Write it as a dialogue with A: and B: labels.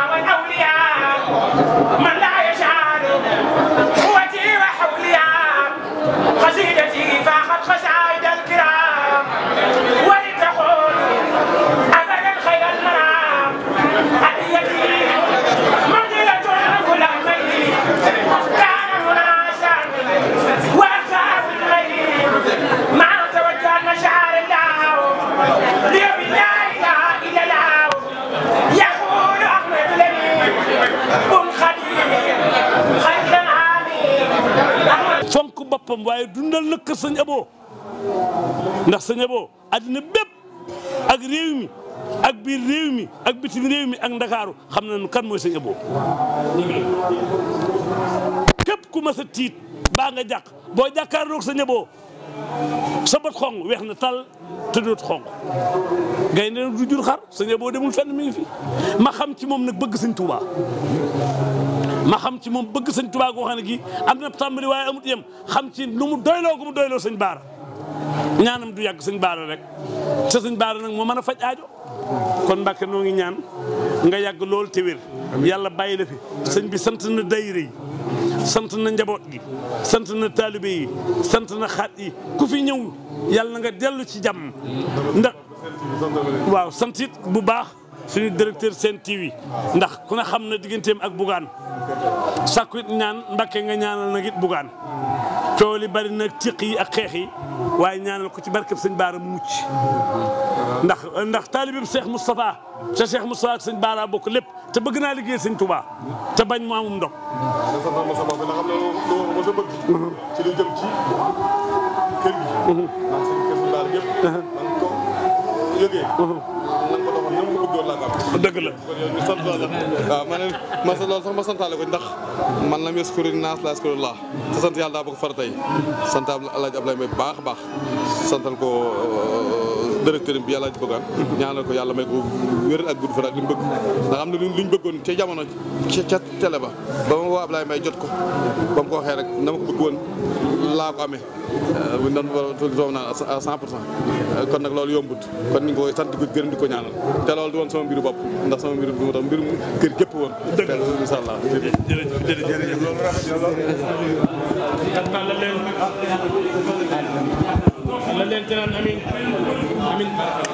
A: والأولياء من لا fonk boppam waaye dundal na kër sëñ aboo ndax sëñ aboo àddina bépp ak réew mi ak biir réew mi ak bitim réew mi ak ndakaaru xam nañu kan mooy sëñ aboo képp ku mas a tiit baa nga jàq boo jàkkaarloog sëñ aboo sa bët xong weex na tal te doot xong gaynde nag du jur xar saña boo demul fenn mi ngi fi ma xam ci moom nag bëgg sëñ Tuuba ma xam ci moom bëgg sëñ Tuuba goo xam am na tàmbali waaye amut yem xam ci nu mu doyloo ko mu doyloo sëñ Baara ñaanam du yàgg sëñ Baara rek te sëñ Baara nag moo mën a faj aajo kon Mbàkke noo ngi ñaan nga yàgg lool te wér yàlla bàyyi la fi sëñ bi sant na day sant na njaboot gi sant na taalibe yi sant na xaat yi ku fi ñëw yàlla na nga dellu ci jàmm ndax waaw sant it bu baax suñu directeur Sen yi ndax ku ne xam na digganteem ak bugaan sàkku it ñaan Mbàkke nga ñaanal nag it bugaan coow li bari na tiq yi ak xeex yi waaye ñaanal ko ci barkeb sëñ Baara mu mucc ndax talib bi Cheikh mustafa ci Cheikh mustafa ak sëñ Baara bokk lépp te beug na liguey seigne Touba te bañ mo amum ndox.
B: ndax ko doxoon na mu ko laa ko am. dëgg la ñu sant ma ne ma sa loolu sax ma santaale ko ndax man lam yaskuri naas laa yaskuri laa te sant yàlla daa bëgg far tey sant Alaaji Ablaye Mbaye baax baax santa ko euh, directeur bi yàlla bëggaan ñaanal ko yàlla may ko wér ak gudd fan ak li mu bëgg ndax am luñ bëggoon ca jamono ca ca ba ba ma woo Ablaye Mbaye jot ko ba ko waxee rek na bëgg woon laa ko amee euh, bu ñu euh, kon nag loolu yombut kon ñu ngi sant ko gërëm di ko ñaanal te loolu du woon sama mbiru bopp ndax sama mbiru bi mu tax mbirum kër gépp woon incha allah
A: jërëjëf loolu